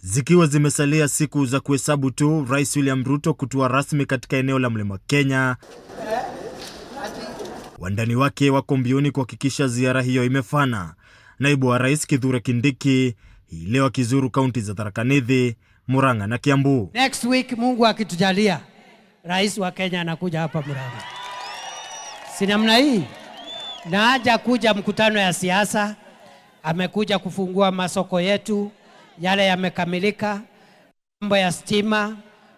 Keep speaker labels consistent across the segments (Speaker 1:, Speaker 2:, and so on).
Speaker 1: Zikiwa zimesalia siku za kuhesabu tu Rais William Ruto kutua rasmi katika eneo la Mlima Kenya, wandani wake wako mbioni kuhakikisha ziara hiyo imefana. Naibu wa Rais Kithure Kindiki hii leo akizuru kaunti za Tharaka Nithi, Murang'a na Kiambu.
Speaker 2: Next week Mungu akitujalia, Rais wa Kenya anakuja hapa Murang'a. Si namna hii na haja kuja mkutano ya siasa, amekuja kufungua masoko yetu yale yamekamilika, mambo ya stima,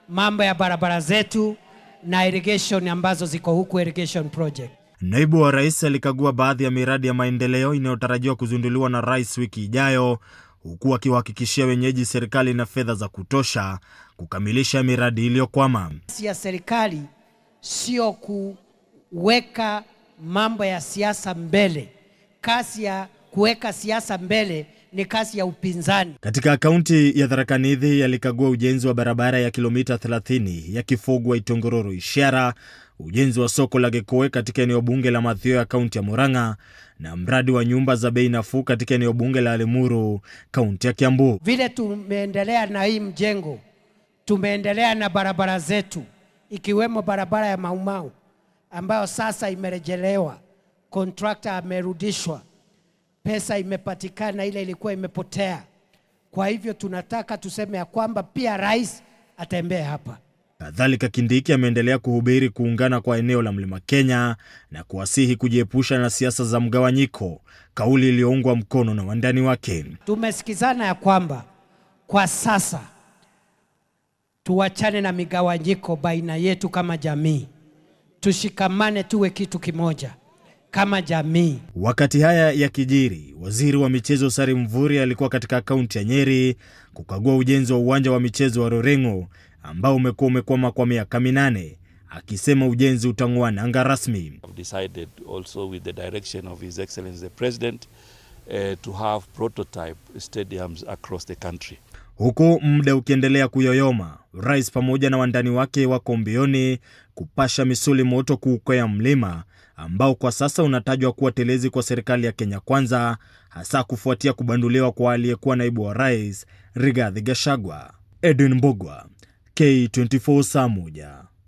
Speaker 2: mambo ya barabara zetu na irrigation ambazo ziko huku irrigation project.
Speaker 1: Naibu wa Rais alikagua baadhi ya miradi ya maendeleo inayotarajiwa kuzinduliwa na Rais wiki ijayo, huku akiwahakikishia wenyeji serikali na fedha za kutosha kukamilisha miradi iliyokwama.
Speaker 2: ya serikali sio kuweka mambo ya siasa mbele, kasi ya kuweka siasa mbele ni kasi ya upinzani.
Speaker 1: Katika kaunti ya Tharaka Nithi yalikagua ujenzi wa barabara ya kilomita 30 ya Kifugwa Itongororo Ishara, ujenzi wa soko la Gekoe katika eneo bunge la mathio ya kaunti ya Murang'a na mradi wa nyumba za bei nafuu katika eneo bunge la Limuru kaunti ya Kiambu.
Speaker 2: Vile tumeendelea na hii mjengo, tumeendelea na barabara zetu ikiwemo barabara ya Maumau ambayo sasa imerejelewa, kontrakta amerudishwa pesa imepatikana, ile ilikuwa imepotea. Kwa hivyo tunataka tuseme ya kwamba pia rais atembee hapa.
Speaker 1: Kadhalika, Kindiki ameendelea kuhubiri kuungana kwa eneo la Mlima Kenya na kuwasihi kujiepusha na siasa za mgawanyiko, kauli iliyoungwa mkono na wandani wake.
Speaker 2: Tumesikizana ya kwamba kwa sasa tuachane na migawanyiko baina yetu kama jamii, tushikamane, tuwe kitu kimoja kama jamii.
Speaker 1: Wakati haya ya kijiri, waziri wa michezo Sari Mvurya alikuwa katika kaunti ya Nyeri kukagua ujenzi wa uwanja wa michezo wa Rorengo ambao umekuwa umekwama kwa miaka minane, akisema ujenzi utang'oa nanga rasmi.
Speaker 3: Eh,
Speaker 1: Huku muda ukiendelea kuyoyoma, rais pamoja na wandani wake wako mbioni kupasha misuli moto kuukwea mlima ambao kwa sasa unatajwa kuwa telezi kwa serikali ya Kenya Kwanza, hasa kufuatia kubanduliwa kwa aliyekuwa naibu wa rais Rigathi Gachagua. Edwin mbogwa K24, saa moja.